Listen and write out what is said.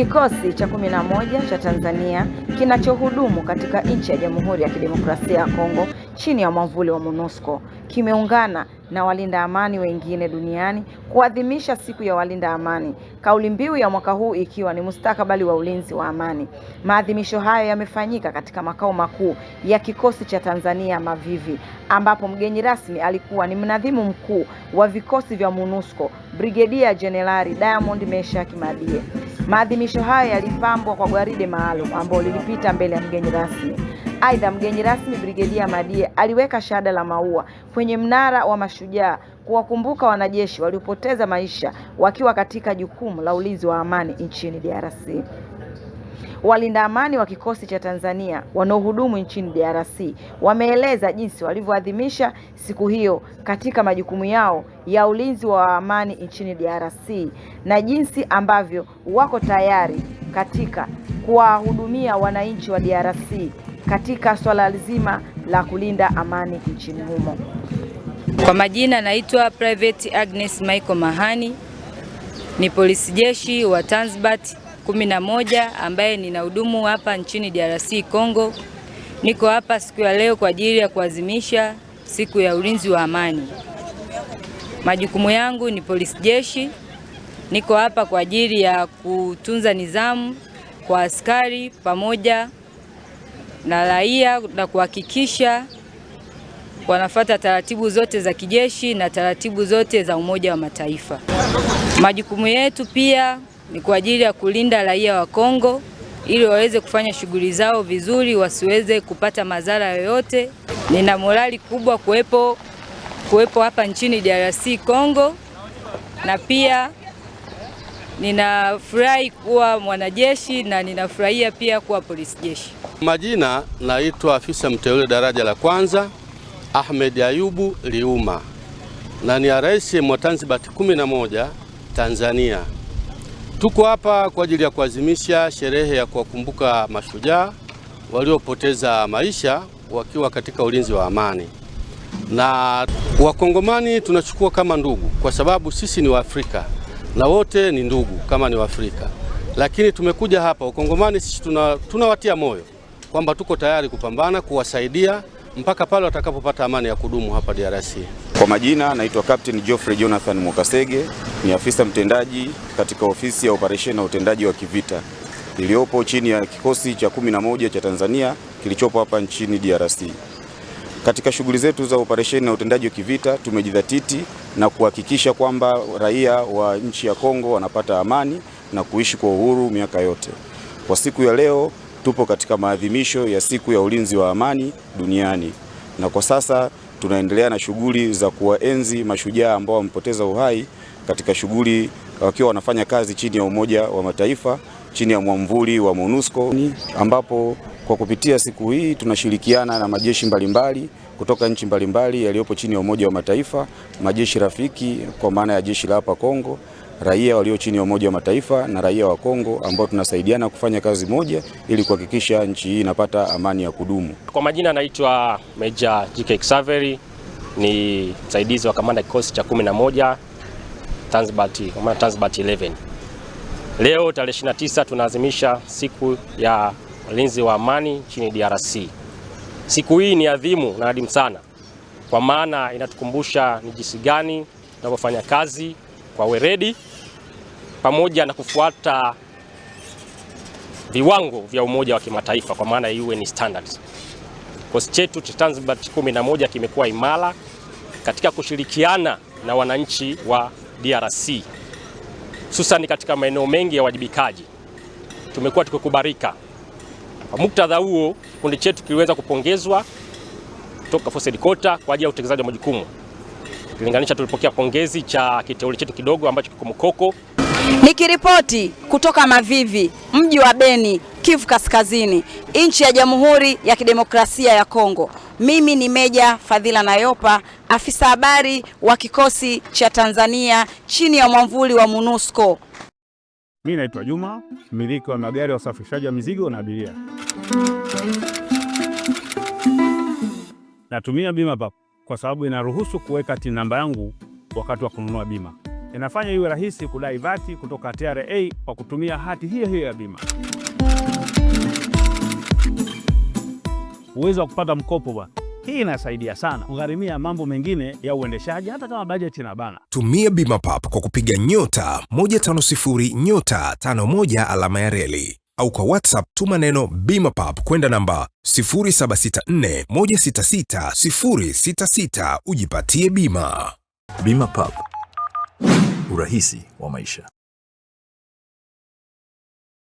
Kikosi cha 11 cha Tanzania kinachohudumu katika nchi ya Jamhuri ya Kidemokrasia ya Kongo chini ya mwamvuli wa MONUSCO kimeungana na walinda amani wengine duniani kuadhimisha siku ya walinda amani, kauli mbiu ya mwaka huu ikiwa ni mustakabali wa ulinzi wa amani. Maadhimisho hayo yamefanyika katika makao makuu ya kikosi cha Tanzania Mavivi, ambapo mgeni rasmi alikuwa ni mnadhimu mkuu wa vikosi vya MONUSCO Brigedia Jenerali Diamond Meshack Madie. Maadhimisho hayo yalipambwa kwa gwaride maalum ambalo lilipita mbele ya mgeni rasmi. Aidha, mgeni rasmi Brigedia Madie aliweka shada la maua kwenye mnara wa Mashujaa kuwakumbuka wanajeshi waliopoteza maisha wakiwa katika jukumu la ulinzi wa amani nchini DRC. Walinda amani wa kikosi cha Tanzania wanaohudumu nchini DRC wameeleza jinsi walivyoadhimisha siku hiyo katika majukumu yao ya ulinzi wa amani nchini DRC na jinsi ambavyo wako tayari katika kuwahudumia wananchi wa DRC katika swala zima la kulinda amani nchini humo. Kwa majina naitwa Private Agnes Michael Mahani, ni polisi jeshi wa Tanzbat kumi na moja ambaye ninahudumu hapa nchini DRC Congo. Niko hapa siku ya leo kwa ajili ya kuadhimisha siku ya ulinzi wa amani. Majukumu yangu ni polisi jeshi. Niko hapa kwa ajili ya kutunza nidhamu kwa askari pamoja na raia na kuhakikisha wanafata taratibu zote za kijeshi na taratibu zote za Umoja wa Mataifa. Majukumu yetu pia ni kwa ajili ya kulinda raia wa Kongo ili waweze kufanya shughuli zao vizuri, wasiweze kupata madhara yoyote. Nina morali kubwa kuwepo kuwepo hapa nchini DRC Kongo, na pia ninafurahi kuwa mwanajeshi na ninafurahia pia kuwa polisi jeshi. Majina, naitwa afisa mteule daraja la kwanza Ahmed Ayubu Liuma na ni rais wa Tanzibati 11 Tanzania. Tuko hapa kwa ajili ya kuadhimisha sherehe ya kuwakumbuka mashujaa waliopoteza maisha wakiwa katika ulinzi wa amani, na Wakongomani tunachukua kama ndugu, kwa sababu sisi ni Waafrika na wote ni ndugu kama ni Waafrika. Lakini tumekuja hapa Wakongomani sisi tuna, tunawatia moyo kwamba tuko tayari kupambana kuwasaidia mpaka pale watakapopata amani ya kudumu hapa DRC. Kwa majina naitwa Captain Geoffrey Jonathan Mwakasege, ni afisa mtendaji katika ofisi ya operesheni na utendaji wa kivita iliyopo chini ya kikosi cha 11 cha Tanzania kilichopo hapa nchini DRC. Katika shughuli zetu za operesheni na utendaji wa kivita tumejidhatiti na kuhakikisha kwamba raia wa nchi ya Kongo wanapata amani na kuishi kwa uhuru miaka yote. Kwa siku ya leo tupo katika maadhimisho ya siku ya ulinzi wa amani duniani na kwa sasa tunaendelea na shughuli za kuwaenzi mashujaa ambao wamepoteza uhai katika shughuli wakiwa wanafanya kazi chini ya Umoja wa Mataifa chini ya mwamvuli wa MONUSCO ambapo kwa kupitia siku hii tunashirikiana na majeshi mbalimbali kutoka nchi mbalimbali yaliyopo chini ya Umoja wa Mataifa, majeshi rafiki kwa maana ya jeshi la hapa Kongo, raia walio chini ya Umoja wa Mataifa na raia wa Kongo ambao tunasaidiana kufanya kazi moja ili kuhakikisha nchi hii inapata amani ya kudumu. Kwa majina anaitwa Meja J.K. Xaveri, ni msaidizi wa kamanda kikosi cha 11 Tanzbat 11. Leo tarehe 29 tunaazimisha siku ya walinzi wa amani nchini DRC. Siku hii ni adhimu na adimu sana, kwa maana inatukumbusha ni jinsi gani tunavyofanya kazi kwa weredi pamoja na kufuata viwango vya umoja wa kimataifa kwa maana ya UN standards. Kikosi chetu cha Tanzbat 11 kimekuwa imara katika kushirikiana na wananchi wa DRC hususani katika maeneo mengi ya wajibikaji. Tumekuwa tukikubarika kwa muktadha huo, kikundi chetu kiliweza kupongezwa kutoka Force Headquarters kwa ajili ya utekelezaji wa majukumu ukilinganisha tulipokea pongezi cha kiteule chetu kidogo ambacho kiko Mkoko. Nikiripoti kutoka Mavivi, mji wa Beni, Kivu Kaskazini, nchi ya Jamhuri ya Kidemokrasia ya Kongo. Mimi ni Meja Fadhila Nayopa, afisa habari wa kikosi cha Tanzania chini ya mwamvuli wa MONUSCO. Mi naitwa Juma, mmiliki wa magari ya usafirishaji wa mizigo na abiria. Natumia bima papo kwa sababu inaruhusu kuweka TIN namba yangu wakati wa kununua bima. Inafanya iwe rahisi kudai vati kutoka TRA kwa kutumia hati hiyo hiyo ya bima. Uwezo wa kupata mkopo bwana hii inasaidia sana kugharimia mambo mengine ya uendeshaji, hata kama bajeti ina bana. Tumia Bima Pap kwa kupiga nyota 150 nyota 51 alama ya reli au kwa WhatsApp tuma neno Bima Pap kwenda namba 0764166066 ujipatie bima. Bima Pap, urahisi wa maisha.